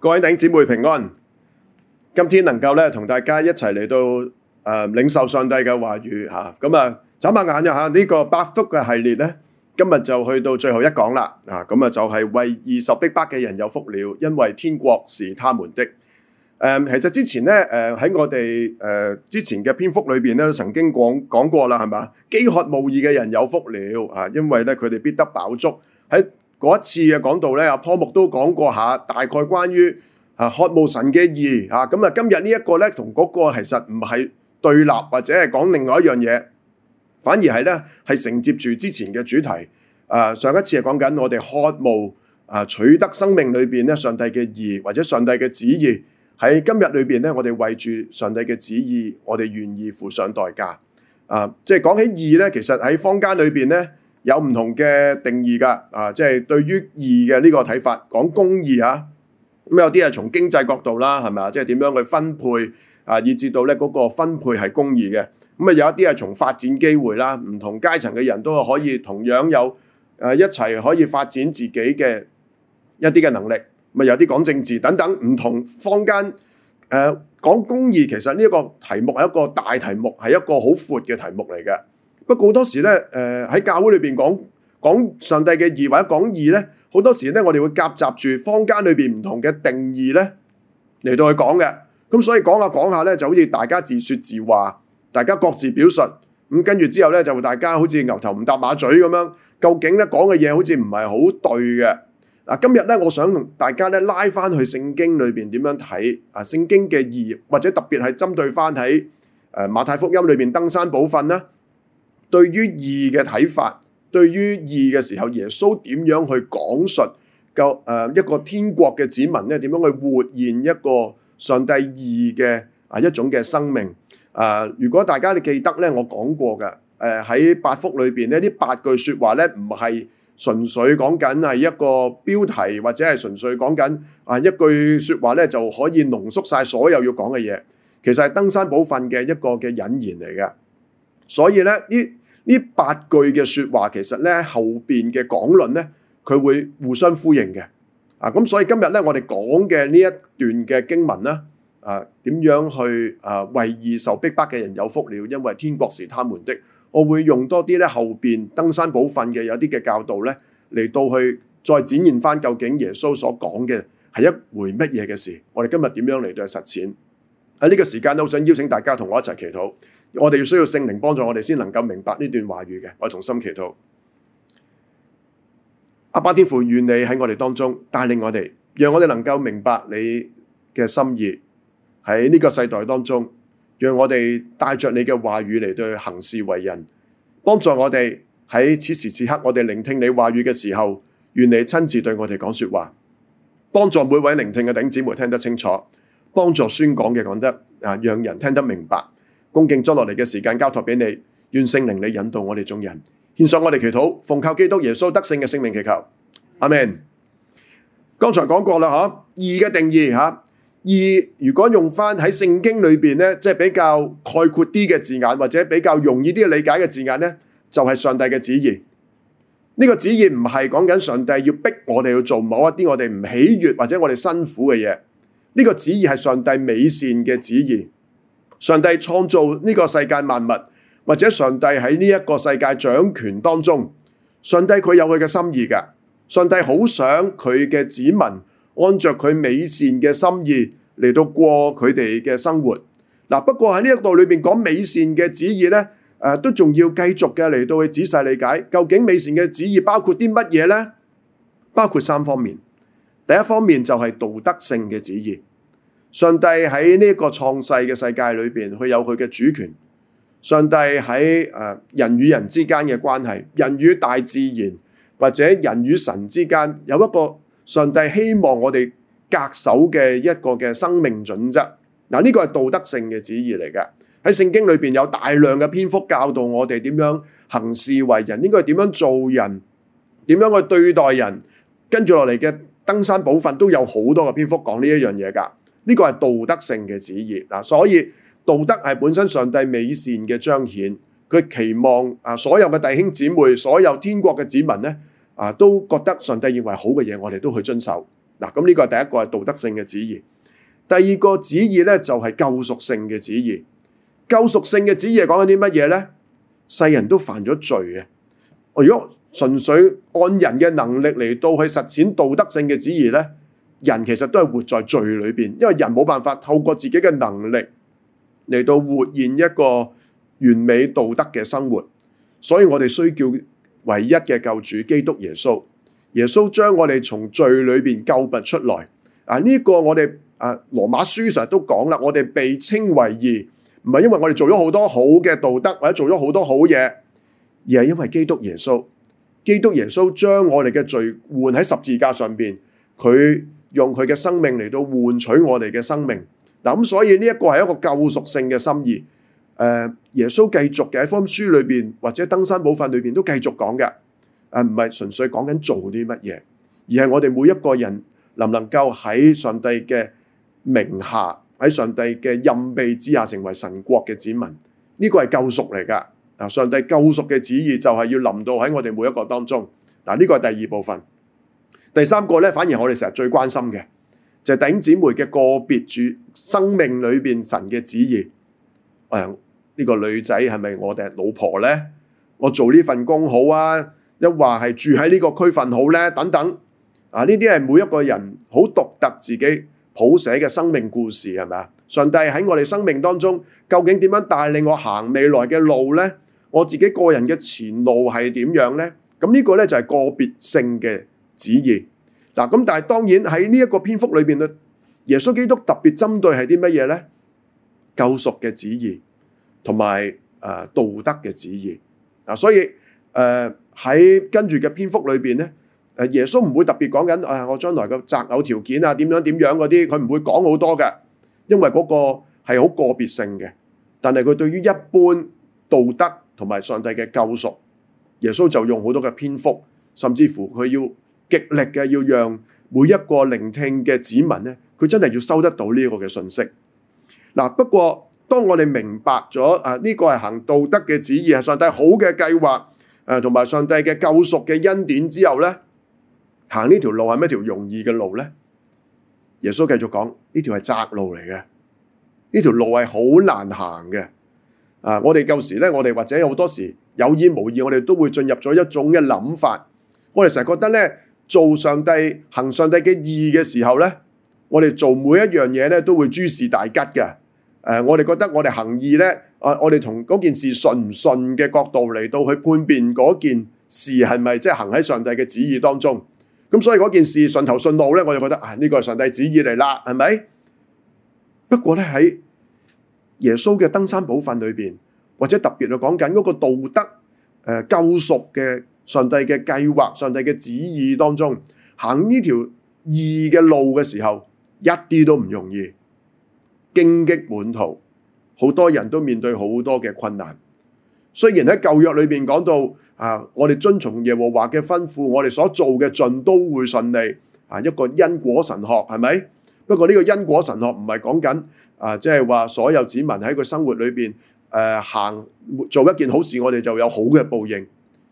各位弟兄姊妹平安，今天能夠呢同大家一齊嚟到，呃，領受上帝嘅話語，吓。噉啊，眨下眼，吓，呢個八福嘅系列呢，今日就去到最後一講喇，啊。噉啊，就係為義受逼迫嘅人有福了，因為天國是他們的。呃，其實之前呢，呃，喺我哋，呃，之前嘅篇幅裏邊呢，曾經講，講過啦，係嘛？饑渴慕義嘅人有福了，啊，因為呢，佢哋必得飽足，喺。嗰一次嘅講道咧，阿坡木都講過下，大概關於啊渴慕神嘅義啊，咁啊今日呢一個咧同嗰個其實唔係對立或者係講另外一樣嘢，反而係咧係承接住之前嘅主題。誒、啊，上一次係講緊我哋渴慕啊取得生命裏邊咧上帝嘅義或者上帝嘅旨意，喺今日裏邊咧我哋為住上帝嘅旨意，我哋願意付上代價。啊，即係講起義咧，其實喺坊間裏邊咧。有唔同嘅定義㗎，啊，即係對於義嘅呢個睇法，講公義啊，咁有啲係從經濟角度啦，係咪啊？即係點樣去分配啊，以至到咧嗰個分配係公義嘅。咁啊，有一啲係從發展機會啦，唔同階層嘅人都可以同樣有啊一齊可以發展自己嘅一啲嘅能力。咪有啲講政治等等，唔同坊間誒講公義，其實呢一個題目係一個大題目，係一個好闊嘅題目嚟嘅。不過好多時咧，誒喺教會裏邊講講上帝嘅義或者講義咧，好多時咧，我哋會夾雜住坊間裏邊唔同嘅定義咧嚟到去講嘅。咁所以講下講下咧，就好似大家自説自話，大家各自表述咁，跟住之後咧，就大家好似牛頭唔搭馬嘴咁樣。究竟咧，講嘅嘢好似唔係好對嘅嗱。今日咧，我想同大家咧拉翻去聖經裏邊點樣睇啊？聖經嘅義或者特別係針對翻喺誒馬太福音裏邊登山寶訓咧。對於義嘅睇法，對於義嘅時候，耶穌點樣去講述個誒一個天國嘅子民咧？點樣去活現一個上帝義嘅啊一種嘅生命啊、呃？如果大家你記得咧，我講過嘅誒喺八福裏邊咧，呢八句説話咧，唔係純粹講緊係一個標題，或者係純粹講緊啊一句説話咧就可以濃縮晒所有要講嘅嘢，其實係登山寶訓嘅一個嘅引言嚟嘅。所以咧呢？呢八句嘅說話，其實咧後邊嘅講論咧，佢會互相呼應嘅。啊，咁所以今日咧，我哋講嘅呢一段嘅經文咧，啊，點樣去啊為義受逼迫嘅人有福了，因為天國是他們的。我會用多啲咧後邊登山寶訓嘅有啲嘅教導咧，嚟到去再展現翻究竟耶穌所講嘅係一回乜嘢嘅事。我哋今日點樣嚟到實踐？喺呢個時間都想邀請大家同我一齊祈禱。我哋要需要聖靈幫助我哋，先能夠明白呢段話語嘅。我同心祈禱，阿爸天父，願你喺我哋當中帶領我哋，讓我哋能夠明白你嘅心意。喺呢個世代當中，讓我哋帶着你嘅話語嚟對行事為人，幫助我哋喺此時此刻，我哋聆聽你話語嘅時候，願你親自對我哋講說話，幫助每位聆聽嘅弟兄姊妹聽得清楚，幫助宣講嘅講得啊，讓人聽得明白。恭敬捉落嚟嘅時間交託俾你，願聖靈你引導我哋眾人。獻上我哋祈禱，奉靠基督耶穌得勝嘅聖名祈求。阿門。剛才講過啦，吓義嘅定義吓義，如果用翻喺聖經裏邊咧，即係比較概括啲嘅字眼，或者比較容易啲理解嘅字眼咧，就係、是、上帝嘅旨意。呢、這個旨意唔係講緊上帝要逼我哋去做某一啲我哋唔喜悦或者我哋辛苦嘅嘢。呢、這個旨意係上帝美善嘅旨意。上帝創造呢個世界萬物，或者上帝喺呢一個世界掌權當中，上帝佢有佢嘅心意㗎。上帝好想佢嘅子民按着佢美善嘅心意嚟到過佢哋嘅生活。嗱，不過喺呢一度裏面講美善嘅旨意咧，誒、啊、都仲要繼續嘅嚟到去仔細理解究竟美善嘅旨意包括啲乜嘢咧？包括三方面，第一方面就係道德性嘅旨意。上帝喺呢個創世嘅世界裏邊，佢有佢嘅主權。上帝喺誒、呃、人與人之間嘅關係，人與大自然或者人與神之間，有一個上帝希望我哋恪守嘅一個嘅生命準則。嗱、呃，呢、這個係道德性嘅旨意嚟嘅。喺聖經裏邊有大量嘅篇幅教導我哋點樣行事為人，應該點樣做人，點樣去對待人。跟住落嚟嘅登山寶訓都有好多嘅篇幅講呢一樣嘢㗎。呢個係道德性嘅旨意嗱，所以道德係本身上帝美善嘅彰顯，佢期望啊所有嘅弟兄姊妹、所有天國嘅子民咧啊都覺得上帝認為好嘅嘢，我哋都去遵守嗱。咁呢個係第一個係道德性嘅旨意，第二個旨意咧就係救贖性嘅旨意。救贖性嘅旨意係講緊啲乜嘢咧？世人都犯咗罪嘅，如果純粹按人嘅能力嚟，到去實踐道德性嘅旨意咧？人其實都係活在罪裏邊，因為人冇辦法透過自己嘅能力嚟到活現一個完美道德嘅生活，所以我哋需要叫唯一嘅救主基督耶穌。耶穌將我哋從罪裏邊救拔出來。啊，呢、這個我哋啊羅馬書實都講啦，我哋被稱為義，唔係因為我哋做咗好多好嘅道德或者做咗好多好嘢，而係因為基督耶穌。基督耶穌將我哋嘅罪換喺十字架上邊，佢。用佢嘅生命嚟到換取我哋嘅生命，嗱、嗯、咁所以呢一個係一個救贖性嘅心意。誒、呃，耶穌繼續嘅喺福音書裏邊或者登山寶訓裏邊都繼續講嘅，誒唔係純粹講緊做啲乜嘢，而係我哋每一個人能唔能夠喺上帝嘅名下，喺上帝嘅任命之下成為神國嘅子民，呢、這個係救贖嚟噶。啊，上帝救贖嘅旨意就係要臨到喺我哋每一個當中。嗱、呃，呢、這個係第二部分。第三個咧，反而我哋成日最關心嘅就係弟兄姊妹嘅個別住生命裏邊神嘅旨意。誒、呃，呢、呢個女仔係咪我哋老婆咧？我做呢份工好啊？一話係住喺呢個區份好咧？等等啊！呢啲係每一個人好獨特自己譜寫嘅生命故事，係咪啊？上帝喺我哋生命當中究竟點樣帶領我行未來嘅路咧？我自己個人嘅前路係點樣咧？咁呢個咧就係、係、個別性嘅。旨意嗱咁，但係當然喺呢一個篇幅裏邊咧，耶穌基督特別針對係啲乜嘢咧？救贖嘅旨意同埋誒道德嘅旨意啊，所以誒喺、呃、跟住嘅篇幅裏邊咧，誒耶穌唔會特別講緊誒我將來嘅擇偶條件啊，點樣點樣嗰啲，佢唔會講好多嘅，因為嗰個係好個別性嘅。但係佢對於一般道德同埋上帝嘅救贖，耶穌就用好多嘅篇幅，甚至乎佢要。極力嘅要讓每一個聆聽嘅子民咧，佢真係要收得到呢一個嘅信息。嗱，不過當我哋明白咗啊，呢個係行道德嘅旨意，係上帝好嘅計劃，誒，同埋上帝嘅救贖嘅恩典之後咧，行呢條路係咩條容易嘅路咧？耶穌繼續講：呢條係窄路嚟嘅，呢條路係好難行嘅。啊，我哋舊時咧，我哋或者好多時有意無意，我哋都會進入咗一種嘅諗法，我哋成日覺得咧。做上帝行上帝嘅意嘅時候咧，我哋做每一樣嘢咧都會諸事大吉嘅。誒，我哋覺得我哋行義咧，啊，我哋從嗰件事順唔順嘅角度嚟到去判別嗰件事係咪即係行喺上帝嘅旨意當中。咁所以嗰件事順頭順路咧，我就覺得啊，呢個係上帝旨意嚟啦，係咪？不過咧喺耶穌嘅登山寶訓裏邊，或者特別係講緊嗰個道德誒救贖嘅。上帝嘅計劃、上帝嘅旨意當中，行呢條義嘅路嘅時候，一啲都唔容易，荊棘滿途，好多人都面對好多嘅困難。雖然喺舊約裏邊講到啊，我哋遵從耶和華嘅吩咐，我哋所做嘅盡都會順利啊。一個因果神學係咪？不過呢個因果神學唔係講緊啊，即係話所有子民喺佢生活裏邊誒行做一件好事，我哋就有好嘅報應。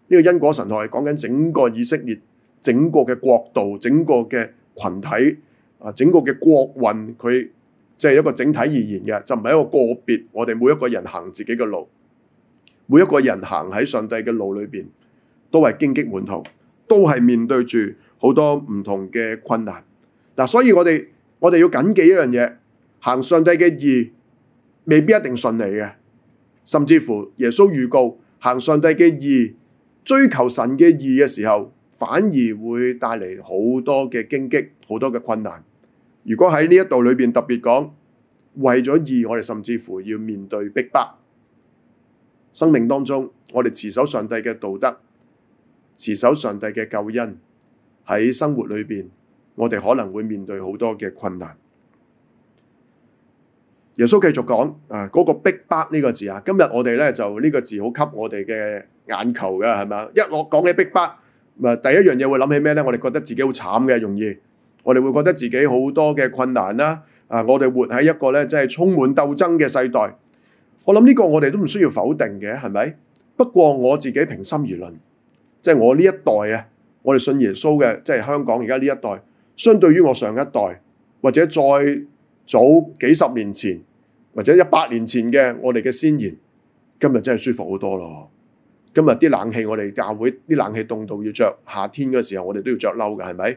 呢個因果神學係講緊整個以色列、整個嘅國度、整個嘅群體啊、整個嘅國運，佢即係一個整體而言嘅，就唔係一個個別。我哋每一個人行自己嘅路，每一個人行喺上帝嘅路裏邊，都係荊棘滿途，都係面對住好多唔同嘅困難。嗱、啊，所以我哋我哋要緊記一樣嘢，行上帝嘅義未必一定順利嘅，甚至乎耶穌預告行上帝嘅義。追求神嘅義嘅時候，反而會帶嚟好多嘅荊棘，好多嘅困難。如果喺呢一度裏邊特別講，為咗義，我哋甚至乎要面對逼迫。生命當中，我哋持守上帝嘅道德，持守上帝嘅救恩，喺生活裏邊，我哋可能會面對好多嘅困難。耶穌繼續講啊，嗰個逼迫呢個字啊，今日我哋咧就呢個字好給我哋嘅。眼球嘅係咪啊？一我講起逼迫，咪第一樣嘢會諗起咩咧？我哋覺得自己好慘嘅，容易我哋會覺得自己好多嘅困難啦。啊，我哋活喺一個咧，即係充滿鬥爭嘅世代。我諗呢個我哋都唔需要否定嘅，係咪？不過我自己平心而論，即係我呢一代咧，我哋信耶穌嘅，即係香港而家呢一代，相對於我上一代或者再早幾十年前或者一百年前嘅我哋嘅先賢，今日真係舒服好多咯。今日啲冷氣，我哋教會啲冷氣凍到要着，夏天嘅時候，我哋都要着褸㗎，係咪？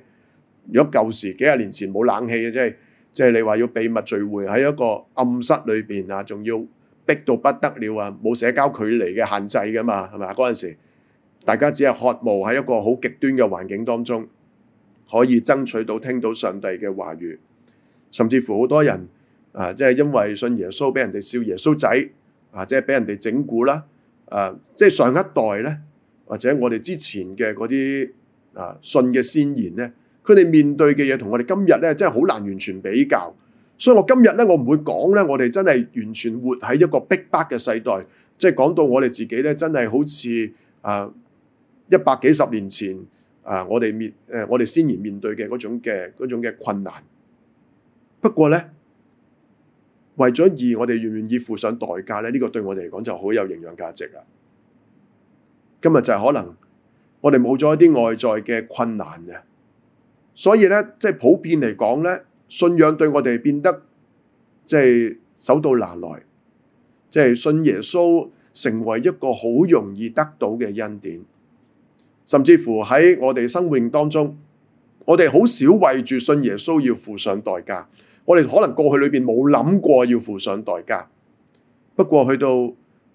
如果舊時幾廿年前冇冷氣嘅，即係即係你話要秘密聚會喺一個暗室裏邊啊，仲要逼到不得了啊，冇社交距離嘅限制㗎嘛，係咪啊？嗰陣時大家只係渴望喺一個好極端嘅環境當中，可以爭取到聽到上帝嘅話語，甚至乎好多人啊，即係因為信耶穌俾人哋笑耶穌仔啊，即係俾人哋整蠱啦。誒，即係上一代咧，或者我哋之前嘅嗰啲啊，信嘅先賢咧，佢哋面對嘅嘢同我哋今日咧，真係好難完全比較。所以我今日咧，我唔會講咧，我哋真係完全活喺一個逼迫嘅世代。即係講到我哋自己咧，真係好似啊一百幾十年前啊，我哋面誒，我哋先賢面對嘅嗰種嘅嗰種嘅困難。不過咧。為咗而我哋願唔願意付上代價咧？呢、這個對我哋嚟講就好有營養價值啊！今日就係可能我哋冇咗一啲外在嘅困難啊，所以咧，即、就、係、是、普遍嚟講咧，信仰對我哋變得即係、就是、手到拿來，即、就、係、是、信耶穌成為一個好容易得到嘅恩典，甚至乎喺我哋生活當中，我哋好少為住信耶穌要付上代價。我哋可能過去裏邊冇諗過要付上代價，不過去到誒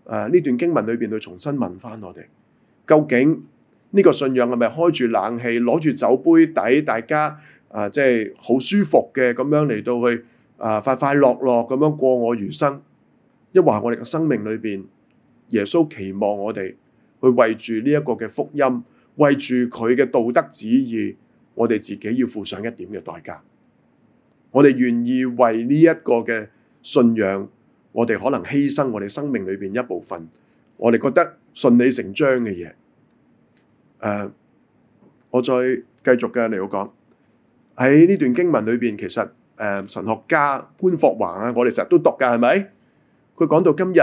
呢段經文裏邊，去重新問返我哋，究竟呢個信仰係咪開住冷氣攞住酒杯底，大家啊即係好舒服嘅咁樣嚟到去啊、呃、快快樂樂咁樣過我餘生？抑或我哋嘅生命裏邊，耶穌期望我哋去為住呢一個嘅福音，為住佢嘅道德旨意，我哋自己要付上一點嘅代價。我哋願意為呢一個嘅信仰，我哋可能犧牲我哋生命裏邊一部分，我哋覺得順理成章嘅嘢。誒，我再繼續嘅嚟講，喺呢段經文裏邊，其實誒神學家潘霍華啊，我哋成日都讀噶，係咪？佢講到今日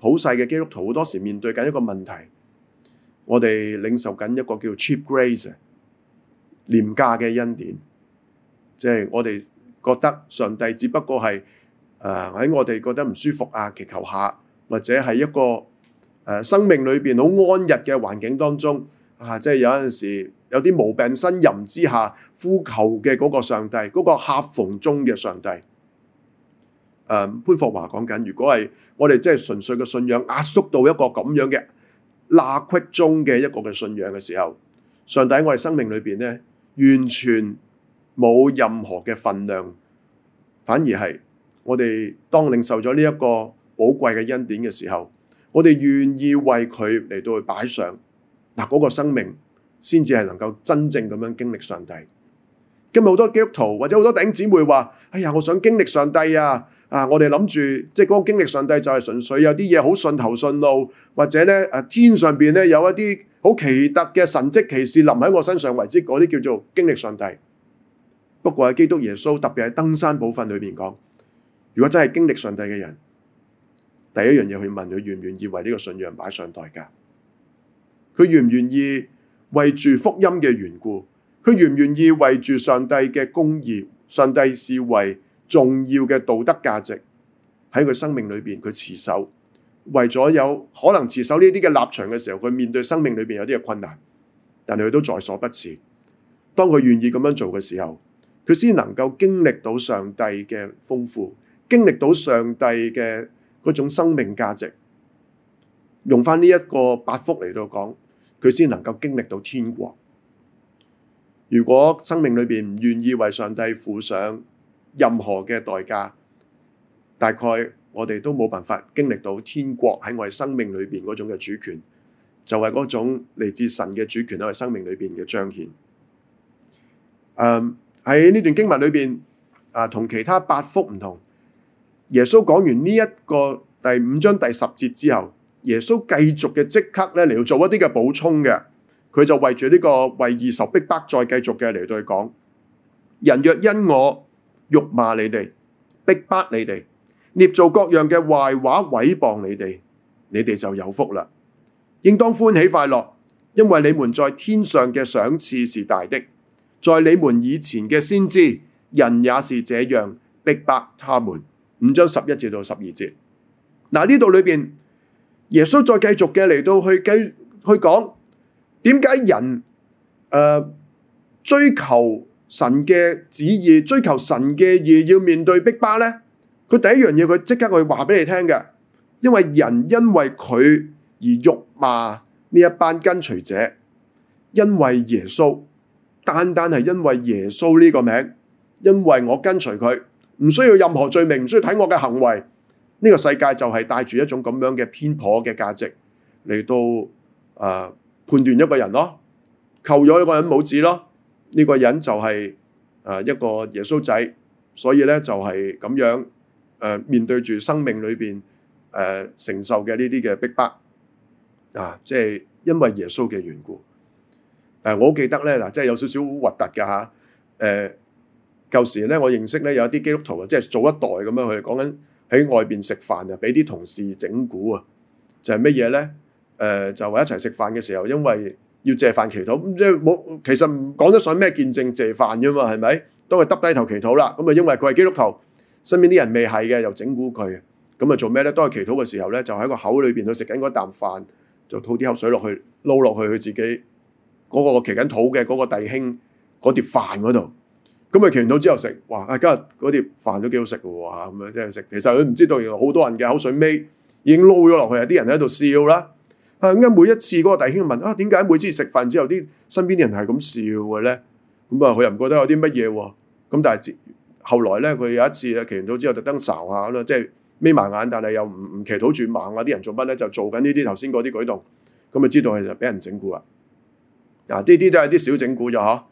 普世嘅基督徒好多時面對緊一個問題，我哋領受緊一個叫 cheap grace 廉價嘅恩典，即係我哋。覺得上帝只不過係誒喺我哋覺得唔舒服啊，祈求下或者係一個誒、呃、生命裏邊好安逸嘅環境當中啊，即係有陣時有啲無病呻吟之下呼求嘅嗰個上帝，嗰、那個客逢中嘅上帝。誒、呃、潘霍華講緊，如果係我哋即係純粹嘅信仰壓縮到一個咁樣嘅罅隙中嘅一個嘅信仰嘅時候，上帝喺我哋生命裏邊呢，完全。冇任何嘅份量，反而係我哋當領受咗呢一個寶貴嘅恩典嘅時候，我哋願意為佢嚟到去擺上嗱嗰個生命，先至係能夠真正咁樣經歷上帝。今日好多基督徒或者好多弟兄姊妹話：「哎呀，我想經歷上帝啊！啊，我哋諗住即係嗰個經歷上帝就係純粹有啲嘢好順頭順路，或者咧誒天上邊咧有一啲好奇特嘅神蹟奇事臨喺我身上為之嗰啲叫做經歷上帝。」不過喺基督耶穌，特別喺登山寶訓裏面講，如果真係經歷上帝嘅人，第一樣嘢去問佢願唔願意為呢個信仰擺上代價？佢願唔願意為住福音嘅緣故？佢願唔願意為住上帝嘅公義？上帝視為重要嘅道德價值喺佢生命裏邊佢持守，為咗有可能持守呢啲嘅立場嘅時候，佢面對生命裏邊有啲嘅困難，但係佢都在所不辭。當佢願意咁樣做嘅時候，佢先能夠經歷到上帝嘅豐富，經歷到上帝嘅嗰種生命價值，用翻呢一個八福嚟到講，佢先能夠經歷到天國。如果生命裏邊唔願意為上帝付上任何嘅代價，大概我哋都冇辦法經歷到天國喺我哋生命裏邊嗰種嘅主權，就係、是、嗰種嚟自神嘅主權喺我哋生命裏邊嘅彰顯。嗯、um,。喺呢段經文裏邊，啊，同其他八福唔同。耶穌講完呢一個第五章第十節之後，耶穌繼續嘅即刻咧嚟做一啲嘅補充嘅，佢就為住呢、這個為義受逼迫再繼續嘅嚟對講。人若因我辱罵你哋、逼迫你哋、捏造各樣嘅壞話、毀謗你哋，你哋就有福啦。應當歡喜快樂，因為你們在天上嘅賞賜是大的。在你們以前嘅先知，人也是這樣逼迫他們。五章十一節到十二節，嗱呢度裏邊，耶穌再繼續嘅嚟到去繼去講，點解人誒、呃、追求神嘅旨意，追求神嘅意要面對逼迫呢？佢第一樣嘢，佢即刻去話俾你聽嘅，因為人因為佢而辱罵呢一班跟隨者，因為耶穌。單單係因為耶穌呢個名，因為我跟隨佢，唔需要任何罪名，唔需要睇我嘅行為，呢個世界就係帶住一種咁樣嘅偏頗嘅價值嚟到誒判斷一個人咯，扣咗一個人帽子咯，呢個人就係誒一個耶穌仔，所以咧就係咁樣誒面對住生命裏邊誒承受嘅呢啲嘅逼迫啊，即係因為耶穌嘅緣故。誒，我好記得咧，嗱，即係有少少核突㗎吓。誒，舊時咧，我認識咧，有啲基督徒啊，即係早一代咁樣，佢講緊喺外邊食飯啊，俾啲同事整蠱啊，就係乜嘢咧？誒，就話一齊食飯嘅時候，因為要借飯祈禱，咁即係冇，其實唔講得上咩見證借飯啫嘛，係咪？都係耷低頭祈禱啦，咁啊，因為佢係基督徒，身邊啲人未係嘅，又整蠱佢，咁啊做咩咧？都係祈禱嘅時候咧，就喺個口裏邊度食緊嗰啖飯，就吐啲口水落去撈落去，佢自己。嗰個祈緊禱嘅嗰個弟兄嗰碟飯嗰度，咁啊祈完禱之後食，哇！啊今日嗰碟飯都幾好食喎，咁樣真係食。其實佢唔知道原來好多人嘅口水尾已經撈咗落去，啲人喺度笑啦。啊，點解每一次嗰個弟兄問啊，點解每次食飯之後啲身邊啲人係咁笑嘅咧？咁啊，佢又唔覺得有啲乜嘢喎。咁、啊、但係後來咧，佢有一次啊祈完禱之後特登睄下啦，即係眯埋眼，但係又唔唔祈禱住猛啊！啲人做乜咧？就做緊呢啲頭先嗰啲舉動，咁啊知道係就俾人整蠱啊！嗱，呢啲都係啲小整故咗嗬，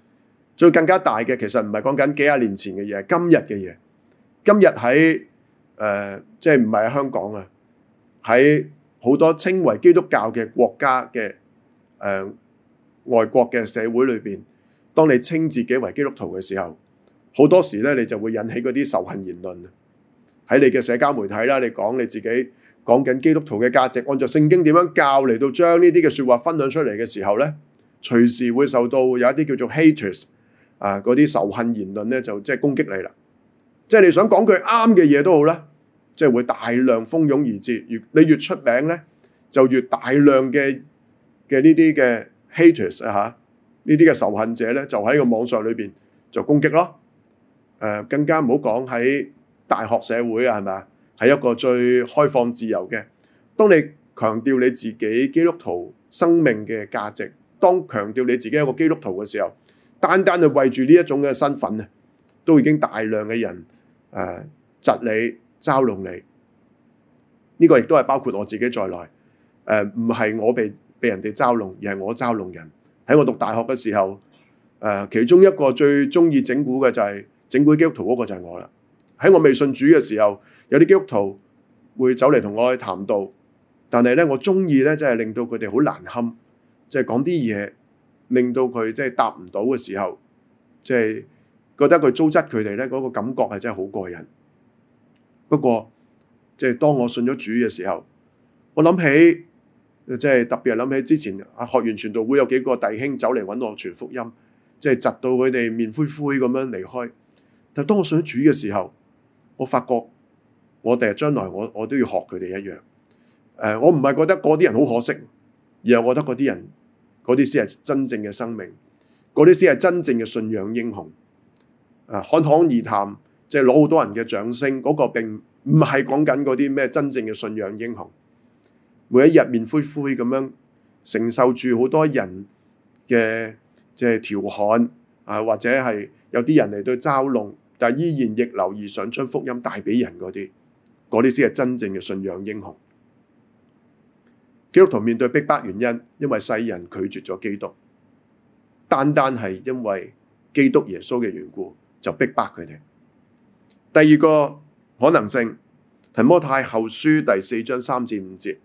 最更加大嘅其實唔係講緊幾廿年前嘅嘢，今日嘅嘢。今日喺誒，即係唔係香港啊？喺好多稱為基督教嘅國家嘅誒、呃、外國嘅社會裏邊，當你稱自己為基督徒嘅時候，好多時咧你就會引起嗰啲仇恨言論。喺你嘅社交媒體啦，你講你自己講緊基督徒嘅價值，按照聖經點樣教嚟到將呢啲嘅説話分享出嚟嘅時候咧。隨時會受到有一啲叫做 haters 啊，嗰啲仇恨言論咧，就即係攻擊你啦。即係你想講句啱嘅嘢都好啦，即係會大量蜂擁而至。越你越出名咧，就越大量嘅嘅呢啲嘅 haters 啊，呢啲嘅仇恨者咧，就喺個網上裏邊就攻擊咯。誒，更加唔好講喺大學社會啊，係咪啊？係一個最開放自由嘅，當你強調你自己基督徒生命嘅價值。當強調你自己一個基督徒嘅時候，單單係為住呢一種嘅身份啊，都已經大量嘅人誒窒、呃、你、嘲弄你。呢、這個亦都係包括我自己在內。誒、呃，唔係我被被人哋嘲弄，而係我嘲弄人。喺我讀大學嘅時候，誒、呃，其中一個最中意整蠱嘅就係、是、整蠱基督徒嗰個就係我啦。喺我未信主嘅時候，有啲基督徒會走嚟同我去談道，但係咧我中意咧，即係令到佢哋好難堪。即係講啲嘢，令到佢即係答唔到嘅時候，即係覺得佢糟質佢哋咧，嗰個感覺係真係好過癮。不過，即係當我信咗主嘅時候，我諗起，即係特別係諗起之前啊，學園傳道會有幾個弟兄走嚟揾我傳福音，即係窒到佢哋面灰灰咁樣離開。但當我信咗主嘅時候，我發覺我第日將來我我都要學佢哋一樣。誒，我唔係覺得嗰啲人好可惜，而係我覺得嗰啲人。嗰啲先係真正嘅生命，嗰啲先係真正嘅信仰英雄。啊，侃侃而談，即係攞好多人嘅掌聲，嗰個並唔係講緊嗰啲咩真正嘅信仰英雄。每一日面灰灰咁樣承受住好多人嘅即係調侃啊，或者係有啲人嚟到嘲弄，但係依然逆流而上將福音帶俾人嗰啲，嗰啲先係真正嘅信仰英雄。基督徒面對逼迫原因，因為世人拒絕咗基督，單單係因為基督耶穌嘅緣故就逼迫佢哋。第二個可能性，《提摩太後書》第四章三至五節，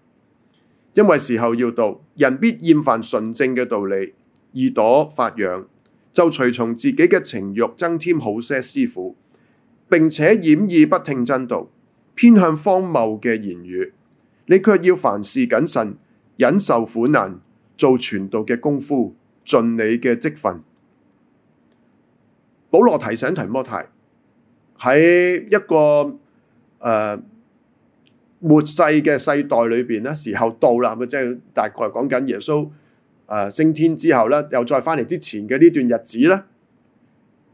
因為時候要到，人必厭煩純正嘅道理，耳朵發癢，就隨從自己嘅情欲增添好些師傅，並且掩耳不聽真道，偏向荒謬嘅言語。你卻要凡事謹慎，忍受苦難，做傳道嘅功夫，盡你嘅職分。保羅提醒提摩太，喺一個誒、呃、末世嘅世代裏邊咧，時候到啦，咁即係大概講緊耶穌誒、呃、升天之後咧，又再翻嚟之前嘅呢段日子咧，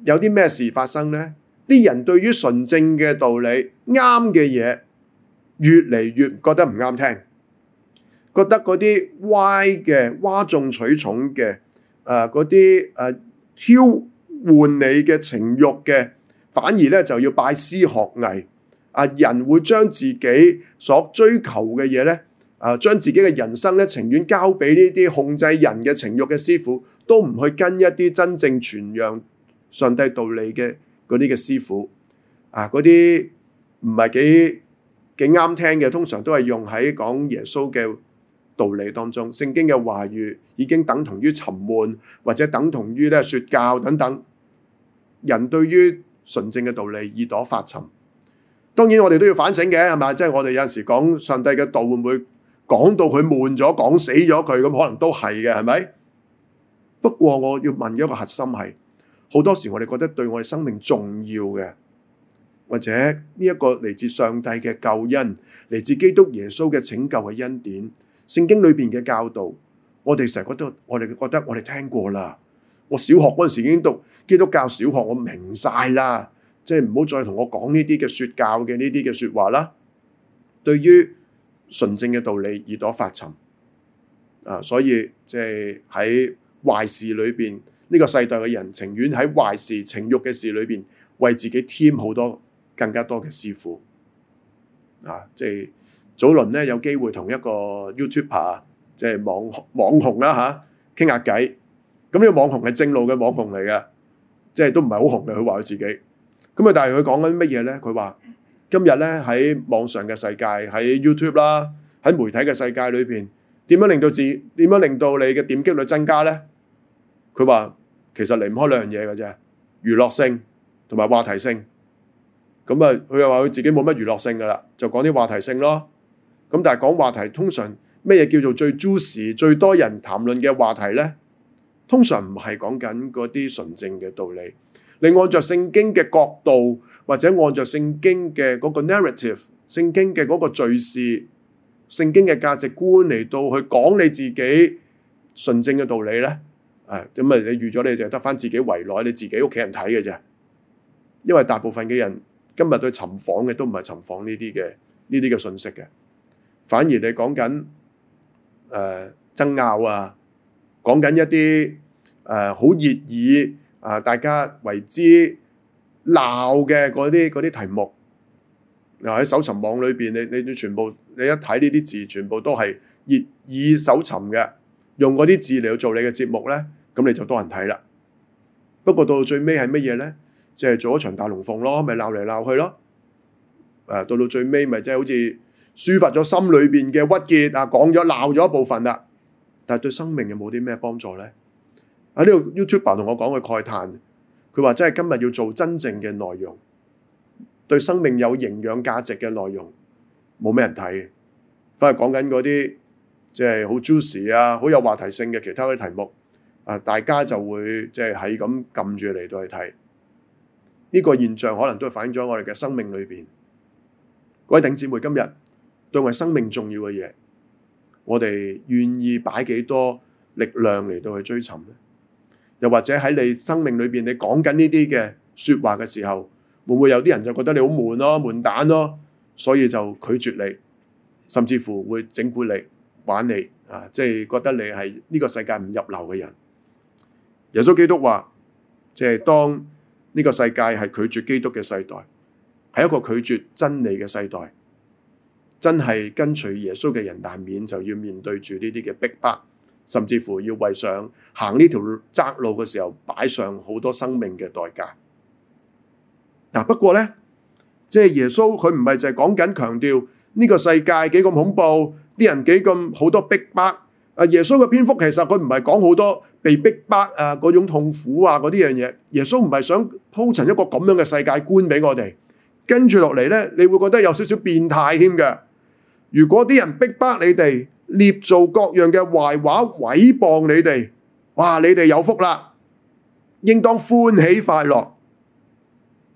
有啲咩事發生咧？啲人對於純正嘅道理、啱嘅嘢。越嚟越覺得唔啱聽，覺得嗰啲歪嘅、嘩眾取寵嘅、誒嗰啲誒挑換你嘅情慾嘅，反而咧就要拜師學藝。啊，人會將自己所追求嘅嘢咧，誒、啊、將自己嘅人生咧，情願交俾呢啲控制人嘅情慾嘅師傅，都唔去跟一啲真正傳揚上帝道理嘅嗰啲嘅師傅。啊，嗰啲唔係幾幾啱聽嘅，通常都係用喺講耶穌嘅道理當中。聖經嘅話語已經等同於沉悶，或者等同於咧説教等等。人對於純正嘅道理耳朵發沉。當然我哋都要反省嘅，係咪？即係我哋有陣時講上帝嘅道會唔會講到佢悶咗、講死咗佢咁，可能都係嘅，係咪？不過我要問一個核心係，好多時我哋覺得對我哋生命重要嘅。或者呢一個嚟自上帝嘅救恩，嚟自基督耶穌嘅拯救嘅恩典，聖經裏邊嘅教導，我哋成日覺得，我哋覺得我哋聽過啦。我小學嗰陣時已經讀基督教小學，我明晒啦，即係唔好再同我講呢啲嘅説教嘅呢啲嘅説話啦。對於純正嘅道理耳朵發沉啊，所以即係喺壞事裏邊，呢個世代嘅人情願喺壞事、情欲嘅事裏邊為自己添好多。更加多嘅師傅啊！即係早輪咧，有機會同一個 YouTuber 啊，即係網網紅啦嚇，傾下偈。咁呢個網紅係正路嘅網紅嚟嘅，即係都唔係好紅嘅。佢話佢自己咁啊，但係佢講緊乜嘢咧？佢話今日咧喺網上嘅世界，喺 YouTube 啦，喺媒體嘅世界裏邊，點樣令到字點樣令到你嘅點擊率增加咧？佢話其實離唔開兩樣嘢嘅啫，娛樂性同埋話題性。咁啊，佢又話佢自己冇乜娛樂性噶啦，就講啲話題性咯。咁但係講話題，通常咩嘢叫做最 juicy、最多人談論嘅話題呢？通常唔係講緊嗰啲純正嘅道理。你按著聖經嘅角度，或者按著聖經嘅嗰個 narrative、聖經嘅嗰個敘事、聖經嘅價值觀嚟到去講你自己純正嘅道理呢？啊咁啊，你預咗你就得翻自己圍內，你自己屋企人睇嘅啫。因為大部分嘅人，今日對尋訪嘅都唔係尋訪呢啲嘅呢啲嘅信息嘅，反而你講緊誒爭拗啊，講緊一啲誒好熱議啊，大家為之鬧嘅嗰啲嗰啲題目，嗱喺搜尋網裏邊，你你全部你一睇呢啲字，全部都係熱議搜尋嘅，用嗰啲字嚟做你嘅節目咧，咁你就多人睇啦。不過到最尾係乜嘢咧？即係做一場大龍鳳咯，咪鬧嚟鬧去咯。誒、啊，到到最尾咪即係好似抒發咗心裏邊嘅鬱結啊，講咗鬧咗一部分啦。但係對生命有冇啲咩幫助咧？喺、啊、呢度、這個、YouTuber 同我講嘅慨嘆，佢話即係今日要做真正嘅內容，對生命有營養價值嘅內容，冇咩人睇，反而講緊嗰啲即係好 juicy 啊，好有話題性嘅其他嘅啲題目啊，大家就會即係喺咁撳住嚟到去睇。呢個現象可能都係反映咗我哋嘅生命裏邊，各位頂姊妹，今日對我生命重要嘅嘢，我哋願意擺幾多力量嚟到去追尋咧？又或者喺你生命裏邊，你講緊呢啲嘅説話嘅時候，會唔會有啲人就覺得你好悶咯、悶蛋咯，所以就拒絕你，甚至乎會整蠱你、玩你啊？即係覺得你係呢個世界唔入流嘅人。耶穌基督話，即係當。呢個世界係拒絕基督嘅世代，係一個拒絕真理嘅世代。真係跟隨耶穌嘅人，難免就要面對住呢啲嘅逼迫，甚至乎要為上行呢條窄路嘅時候，擺上好多生命嘅代價。嗱，不過呢，即係耶穌佢唔係淨係講緊強調呢個世界幾咁恐怖，啲人幾咁好多逼迫、迫。啊！耶穌嘅篇幅其實佢唔係講好多被逼迫啊嗰種痛苦啊嗰啲樣嘢。耶穌唔係想鋪陳一個咁樣嘅世界觀俾我哋。跟住落嚟呢，你會覺得有少少變態添嘅。如果啲人逼迫你哋，捏造各樣嘅壞話毀謗你哋，哇！你哋有福啦，應當歡喜快樂，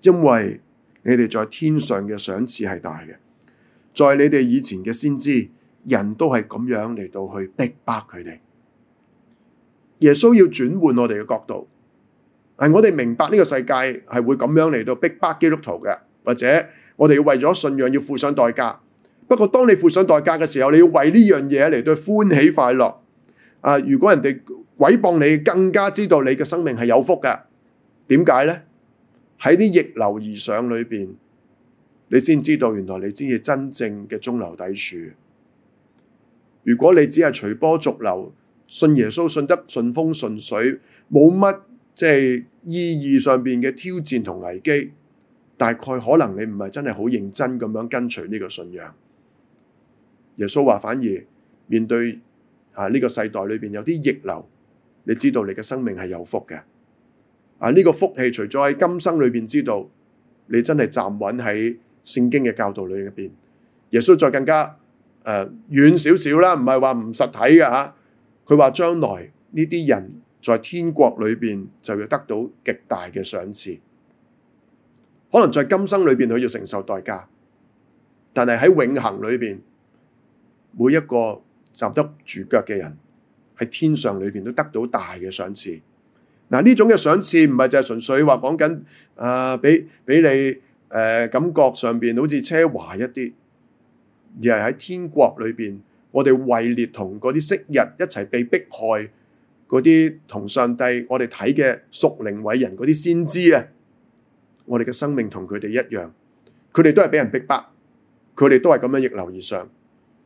因為你哋在天上嘅賞賜係大嘅，在你哋以前嘅先知，人都係咁樣嚟到去逼迫佢哋。耶穌要轉換我哋嘅角度，係我哋明白呢個世界係會咁樣嚟到逼迫基督徒嘅，或者我哋要為咗信仰要付上代價。不過當你付上代價嘅時候，你要為呢樣嘢嚟到歡喜快樂啊！如果人哋誹謗你，更加知道你嘅生命係有福嘅。點解呢？喺啲逆流而上裏邊，你先知道原來你先至真正嘅中流砥柱。如果你只係隨波逐流，信耶穌信得順風順水，冇乜即係意義上邊嘅挑戰同危機，大概可能你唔係真係好認真咁樣跟隨呢個信仰。耶穌話，反而面對啊呢個世代裏邊有啲逆流，你知道你嘅生命係有福嘅。啊呢個福氣除咗喺今生裏邊知道，你真係站穩喺聖經嘅教導裏邊。耶穌再更加。誒、呃，遠少少啦，唔係話唔實體嘅吓。佢、啊、話將來呢啲人在天國裏邊就要得到極大嘅賞賜，可能在今生裏邊佢要承受代價，但係喺永恆裏邊，每一個站得住腳嘅人喺天上裏邊都得到大嘅賞賜。嗱、呃，呢種嘅賞賜唔係就係純粹話講緊啊，俾、呃、俾你誒、呃、感覺上邊好似奢華一啲。而係喺天國裏邊，我哋位列同嗰啲昔日一齊被迫害嗰啲同上帝我哋睇嘅屬靈偉人嗰啲先知啊，我哋嘅生命同佢哋一樣，佢哋都係俾人逼迫，佢哋都係咁樣逆流而上。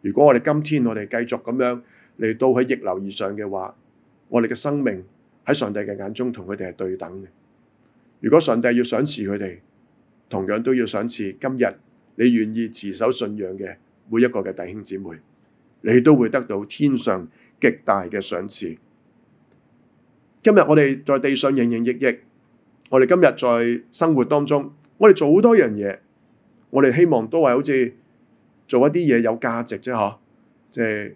如果我哋今天我哋繼續咁樣嚟到喺逆流而上嘅話，我哋嘅生命喺上帝嘅眼中同佢哋係對等嘅。如果上帝要賞賜佢哋，同樣都要賞賜。今日你願意持守信仰嘅，每一個嘅弟兄姊妹，你都會得到天上極大嘅賞賜。今日我哋在地上營營役役，我哋今日在生活當中，我哋做好多樣嘢，我哋希望都係好似做一啲嘢有價值啫。嗬，即係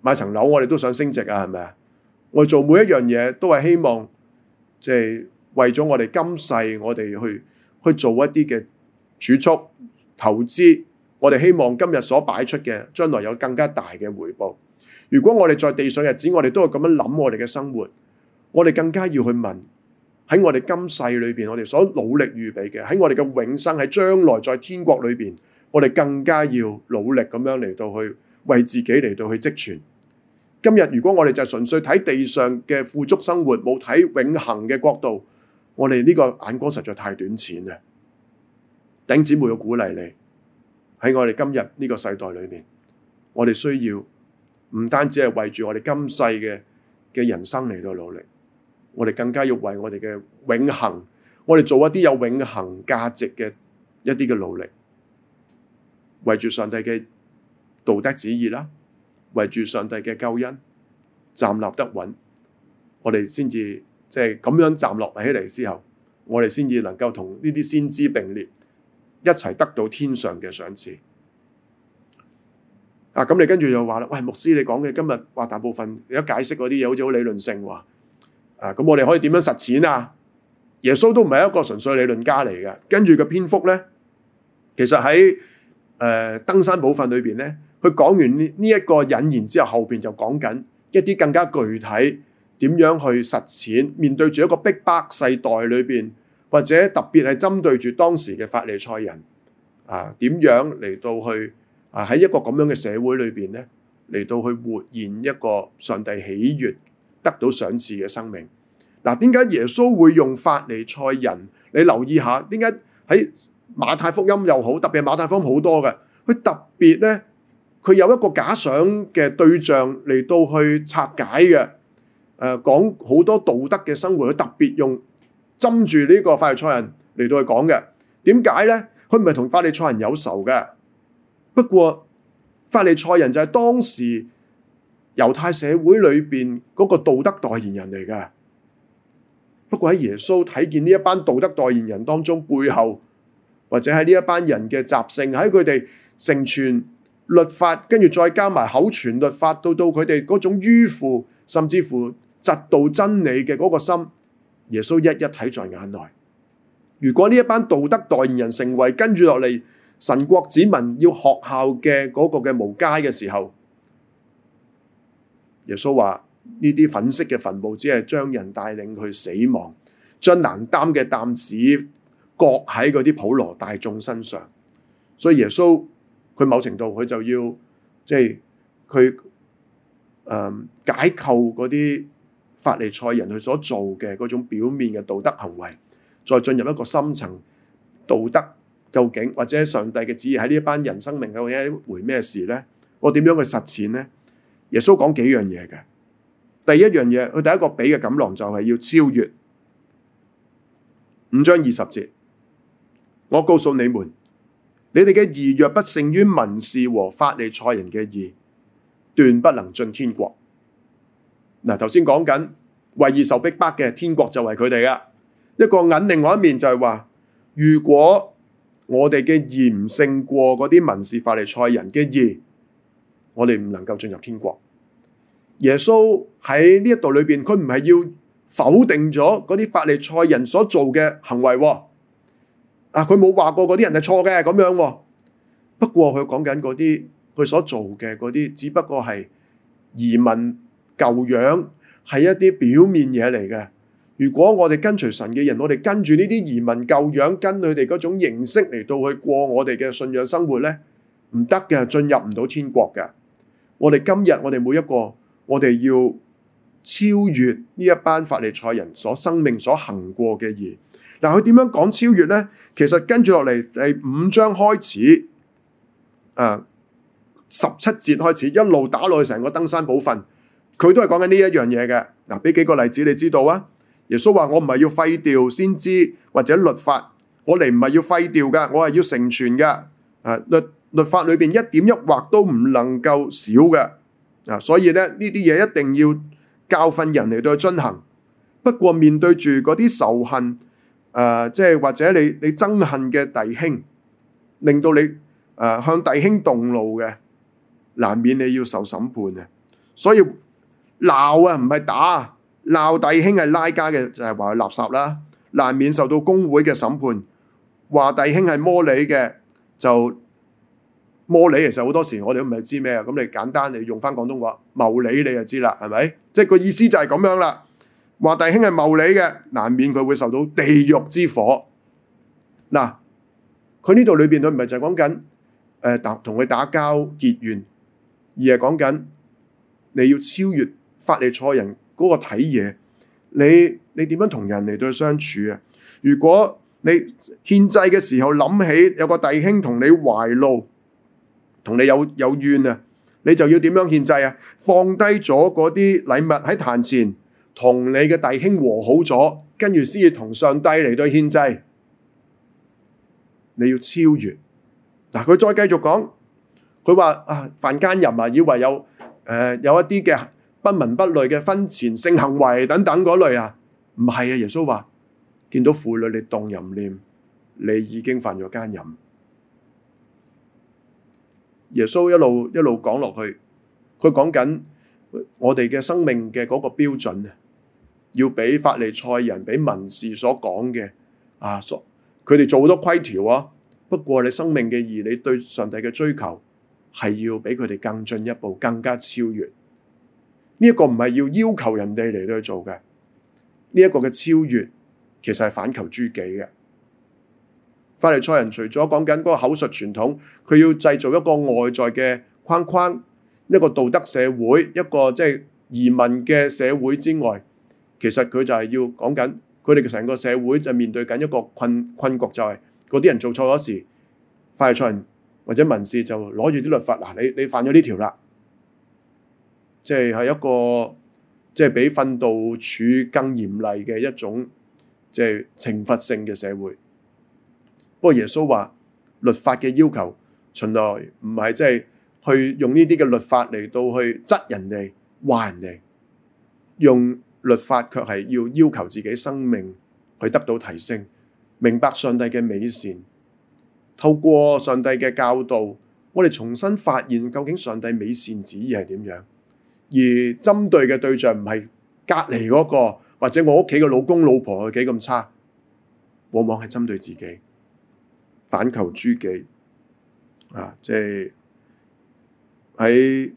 買層樓，我哋都想升值啊，係咪啊？我哋做每一樣嘢都係希望，即係為咗我哋今世我，我哋去去做一啲嘅儲蓄投資。我哋希望今日所擺出嘅，將來有更加大嘅回報。如果我哋在地上日子，我哋都係咁樣諗我哋嘅生活，我哋更加要去問喺我哋今世裏邊，我哋所努力預備嘅，喺我哋嘅永生，喺將來在天國裏邊，我哋更加要努力咁樣嚟到去為自己嚟到去積存。今日如果我哋就純粹睇地上嘅富足生活，冇睇永恒嘅國度，我哋呢個眼光實在太短淺啊！頂姊妹，我鼓勵你。喺我哋今日呢個世代裏面，我哋需要唔單止係為住我哋今世嘅嘅人生嚟到努力，我哋更加要為我哋嘅永恆，我哋做一啲有永恆價值嘅一啲嘅努力，為住上帝嘅道德旨意啦，為住上帝嘅救恩站立得穩，我哋先至即係咁樣站立起嚟之後，我哋先至能夠同呢啲先知並列。一齊得到天上嘅賞賜啊！咁你跟住就話啦，喂，牧師你講嘅今日話大部分有解釋嗰啲嘢，好似好理論性喎。啊，咁我哋可以點樣實踐啊？耶穌都唔係一個純粹理論家嚟嘅。跟住個篇幅咧，其實喺誒登山寶訓裏邊咧，佢講完呢一個引言之後，後邊就講緊一啲更加具體點樣去實踐，面對住一個逼迫世代裏邊。或者特別係針對住當時嘅法利賽人啊，點樣嚟到去啊喺一個咁樣嘅社會裏邊咧，嚟到去活現一個上帝喜悅，得到賞賜嘅生命。嗱，點解耶穌會用法利賽人？你留意下，點解喺馬太福音又好，特別係馬太福音好多嘅佢特別咧，佢有一個假想嘅對象嚟到去拆解嘅，誒講好多道德嘅生活，佢特別用。針住呢個法利賽人嚟到去講嘅，點解呢？佢唔係同法利賽人有仇嘅。不過法利賽人就係當時猶太社會裏邊嗰個道德代言人嚟嘅。不過喺耶穌睇見呢一班道德代言人當中背後，或者喺呢一班人嘅習性，喺佢哋成全律法，跟住再加埋口傳律法，到到佢哋嗰種迂腐，甚至乎窒到真理嘅嗰個心。耶穌一一睇在眼內。如果呢一班道德代言人成為跟住落嚟神國子民要學校嘅嗰個嘅無階嘅時候，耶穌話呢啲粉色嘅墳墓只係將人帶領去死亡，將難擔嘅擔子割喺嗰啲普羅大眾身上。所以耶穌佢某程度佢就要即係佢解構嗰啲。法利賽人去所做嘅嗰種表面嘅道德行為，再進入一個深層道德究竟，或者上帝嘅旨意喺呢一班人生命嘅一回咩事呢？我點樣去實踐呢？耶穌講幾樣嘢嘅，第一樣嘢佢第一個俾嘅錦囊就係要超越五章二十節。我告訴你們，你哋嘅義若不勝於文士和法利賽人嘅義，斷不能進天國。嗱，頭先講緊為義受逼迫嘅天國就係佢哋嘅。一個銀另外一面就係話，如果我哋嘅義唔勝過嗰啲民事法利賽人嘅義，我哋唔能夠進入天國。耶穌喺呢一度裏邊，佢唔係要否定咗嗰啲法利賽人所做嘅行為喎。啊，佢冇話過嗰啲人係錯嘅咁樣喎，啊。不過佢講緊嗰啲佢所做嘅嗰啲，只不過係移民。舊樣係一啲表面嘢嚟嘅。如果我哋跟隨神嘅人,我哋跟住呢啲移民舊樣，跟佢哋嗰種形式嚟到去過我哋嘅信仰生活呢，唔得嘅，進入唔到天國嘅。我哋今日，我哋每一個，我哋要超越呢一班法利賽人所生命所行過嘅義。嗱，佢點樣講超越呢？其實跟住落嚟第五章開始，誒，十七節開始一路打落去成個登山寶訓。佢都係講緊呢一樣嘢嘅。嗱，俾幾個例子，你知道啊？耶穌話：我唔係要廢掉先知或者律法，我嚟唔係要廢掉噶，我係要成全噶。啊，律律法裏邊一點一畫都唔能夠少嘅。啊，所以咧呢啲嘢一定要教訓人嚟到去遵行。不過面對住嗰啲仇恨，誒，即係或者你你憎恨嘅弟兄，令到你誒向弟兄動怒嘅，難免你要受審判嘅。所以。鬧啊，唔係打啊！鬧弟兄係拉家嘅，就係話佢垃圾啦，難免受到公會嘅審判。話弟兄係魔理嘅，就魔理，其實好多時我哋都唔係知咩啊？咁你簡單你用翻廣東話謀理你就知啦，係咪？即係個意思就係咁樣啦。話弟兄係謀理嘅，難免佢會受到地獄之火。嗱，佢呢度裏邊佢唔係就係講緊誒打同佢打交結怨，而係講緊你要超越。發錯法利賽人嗰個睇嘢，你你點樣同人嚟對相處啊？如果你獻祭嘅時候諗起有個弟兄同你懷怒，同你有有怨啊，你就要點樣獻祭啊？放低咗嗰啲禮物喺壇前，同你嘅弟兄和好咗，跟住先至同上帝嚟對獻祭。你要超越嗱，佢再繼續講，佢話啊，凡間人啊以為有誒、呃、有一啲嘅。不文不類嘅婚前性行為等等嗰類啊，唔係啊！耶穌話見到婦女你動淫念，你已經犯咗奸淫。耶穌一路一路講落去，佢講緊我哋嘅生命嘅嗰個標準啊，要俾法利賽人、俾文士所講嘅啊，所佢哋做好多規條啊。不過你生命嘅義你對上帝嘅追求係要比佢哋更進一步，更加超越。呢一個唔係要要求人哋嚟到去做嘅，呢一個嘅超越其實係反求諸己嘅。法利賽人除咗講緊嗰個口述傳統，佢要製造一個外在嘅框框，一個道德社會，一個即係移民嘅社會之外，其實佢就係要講緊佢哋成個社會就面對緊一個困困局，就係嗰啲人做錯咗事，法利賽人或者民事就攞住啲律法嗱，你你犯咗呢條啦。即係一個即係比訓導處更嚴厲嘅一種，即係懲罰性嘅社會。不過耶穌話律法嘅要求從來唔係即係去用呢啲嘅律法嚟到去質人哋、話人哋，用律法卻係要要求自己生命去得到提升，明白上帝嘅美善。透過上帝嘅教導，我哋重新發現究竟上帝美善旨意係點樣。而針對嘅對象唔係隔離嗰個，或者我屋企嘅老公老婆嘅幾咁差，往往係針對自己反求諸己啊。即係喺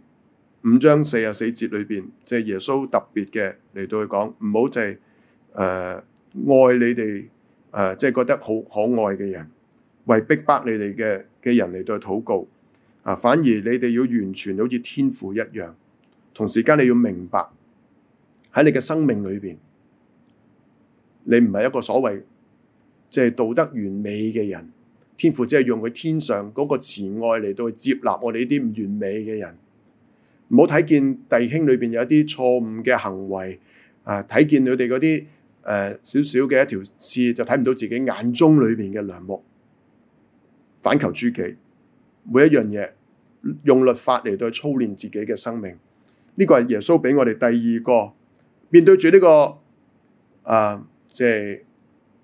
五章四十四節裏邊，即係耶穌特別嘅嚟到去講，唔好就係誒愛你哋誒，即係覺得好可愛嘅人，為逼迫你哋嘅嘅人嚟到去禱告啊，反而你哋要完全好似天父一樣。同時間，你要明白喺你嘅生命裏邊，你唔係一個所謂即係道德完美嘅人。天父只係用佢天上嗰個慈愛嚟到去接納我哋呢啲唔完美嘅人。唔好睇見弟兄裏邊有一啲錯誤嘅行為啊，睇見佢哋嗰啲誒少少嘅一條刺，就睇唔到自己眼中裏邊嘅梁木。反求諸己，每一樣嘢用律法嚟到去操練自己嘅生命。呢個係耶穌俾我哋第二個面對住呢個啊，即係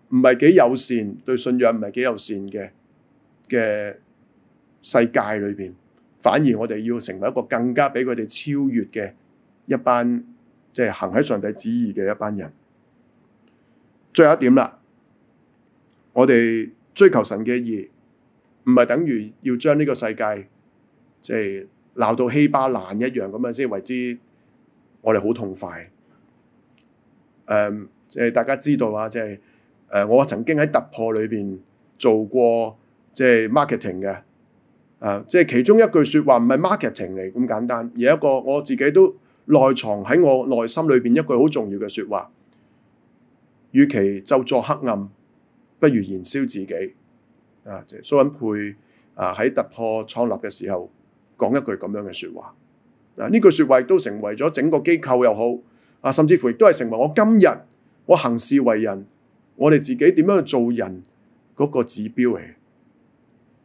唔係幾友善對信仰唔係幾友善嘅嘅世界裏邊，反而我哋要成為一個更加俾佢哋超越嘅一班，即係行喺上帝旨意嘅一班人。最後一點啦，我哋追求神嘅義，唔係等於要將呢個世界，即係。鬧到稀巴爛一樣咁樣先為之，我哋好痛快。誒、嗯，即係大家知道啊，即係誒，我曾經喺突破裏邊做過即係、就是、marketing 嘅。誒、啊，即、就、係、是、其中一句說話唔係 marketing 嚟咁簡單，而一個我自己都內藏喺我內心裏邊一句好重要嘅說話。與其就作黑暗，不如燃燒自己。啊，即係蘇恩佩啊喺突破創立嘅時候。講一句咁樣嘅說話，啊，呢句說話亦都成為咗整個機構又好，啊甚至乎亦都係成為我今日我行事為人，我哋自己點樣去做人嗰個指標嚟。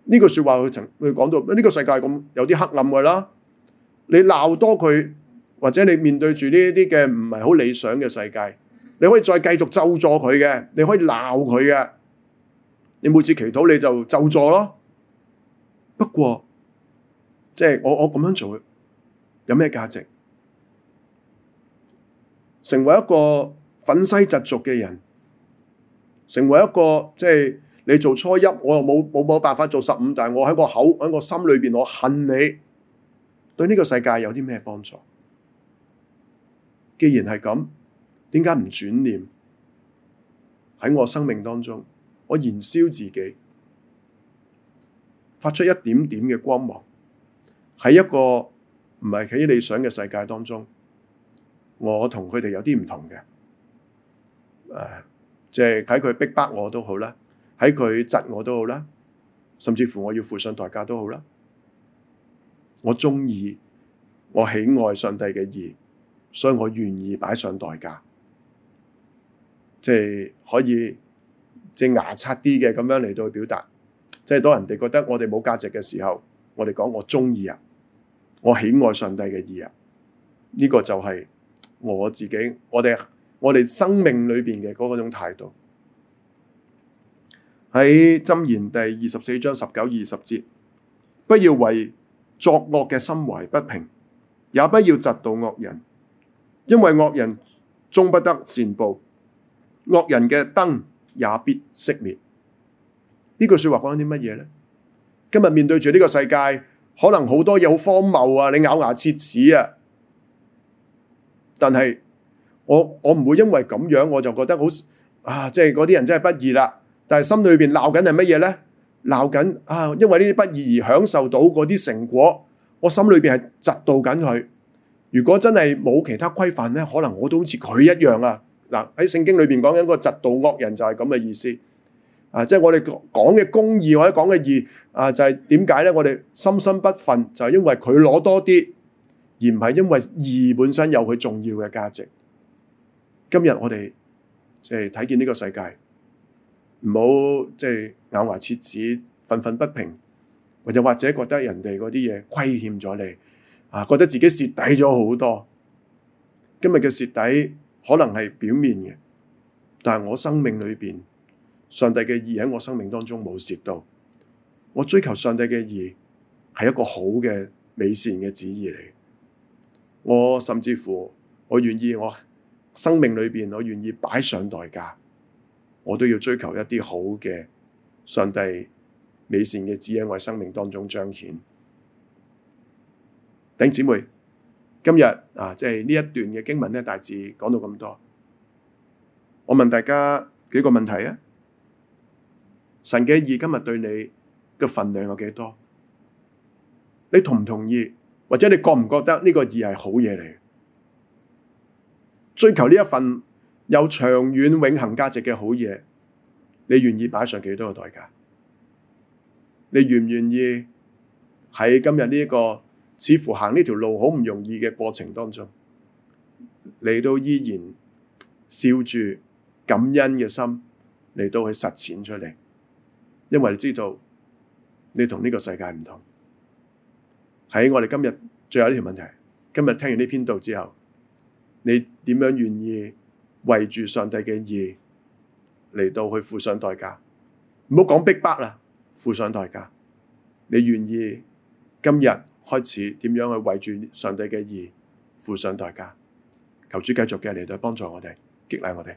呢句說話佢曾佢講到呢個世界咁有啲黑暗噶啦，你鬧多佢或者你面對住呢一啲嘅唔係好理想嘅世界，你可以再繼續咒詛佢嘅，你可以鬧佢嘅，你每次祈禱你就咒詛咯。不過。即係我我咁樣做，有咩價值？成為一個憤世嫉俗嘅人，成為一個即係、就是、你做初一，我又冇冇冇辦法做十五，但係我喺個口喺個心裏邊，我恨你，對呢個世界有啲咩幫助？既然係咁，點解唔轉念喺我生命當中，我燃燒自己，發出一點點嘅光芒？喺一個唔係喺理想嘅世界當中，我同佢哋有啲唔同嘅，誒、啊，即係喺佢逼迫我都好啦，喺佢窒我都好啦，甚至乎我要付上代價都好啦，我中意，我喜愛上帝嘅意，所以我願意擺上代價，即係可以，即係牙刷啲嘅咁樣嚟到去表達，即係當人哋覺得我哋冇價值嘅時候。我哋講我中意啊，我喜愛上帝嘅意啊，呢、這個就係我自己，我哋我哋生命裏邊嘅嗰嗰種態度。喺箴言，第二十四章十九二十節，不要為作惡嘅心懷不平，也不要嫉妒惡人，因為惡人終不得善報，惡人嘅燈也必熄滅。呢句說話講緊啲乜嘢呢？今日面對住呢個世界，可能好多嘢好荒謬啊！你咬牙切齒啊，但係我我唔會因為咁樣我就覺得好啊，即係嗰啲人真係不義啦。但係心裏邊鬧緊係乜嘢呢？鬧緊啊，因為呢啲不義而享受到嗰啲成果，我心裏邊係窒道緊佢。如果真係冇其他規範呢，可能我都好似佢一樣啊！嗱，喺聖經裏邊講緊個窒道惡人就係咁嘅意思。啊！即係我哋講嘅公義或者講嘅義，啊就係點解咧？我哋心心不忿，就係因為佢攞多啲，而唔係因為義本身有佢重要嘅價值。今日我哋即係睇見呢個世界，唔好即係咬牙切齒、憤憤不平，或者或者覺得人哋嗰啲嘢虧欠咗你，啊覺得自己蝕底咗好多。今日嘅蝕底可能係表面嘅，但係我生命裏邊。上帝嘅義喺我生命當中冇蝕到，我追求上帝嘅義，係一個好嘅美善嘅旨意嚟。我甚至乎我願意我生命裏邊，我願意擺上代價，我都要追求一啲好嘅上帝美善嘅旨意喺我生命當中彰顯。頂姐妹，今日啊，即係呢一段嘅經文咧，大致講到咁多。我問大家幾個問題啊？.神嘅義今日對你嘅份量有幾多？你同唔同意？或者你覺唔覺得呢個義係好嘢嚟？追求呢一份有長遠永恒價值嘅好嘢，你願意擺上幾多個代價？你願唔願意喺今日呢一個似乎行呢條路好唔容易嘅過程當中，你都依然笑住感恩嘅心嚟到去實踐出嚟？因為你知道你同呢個世界唔同，喺我哋今日最後呢條問題，今日聽完呢篇道之後，你點樣願意為住上帝嘅義嚟到去付上代價？唔好講逼迫啦，付上代價，你願意今日開始點樣去為住上帝嘅義付上代價？求主繼續嘅嚟到幫助我哋，激勵我哋。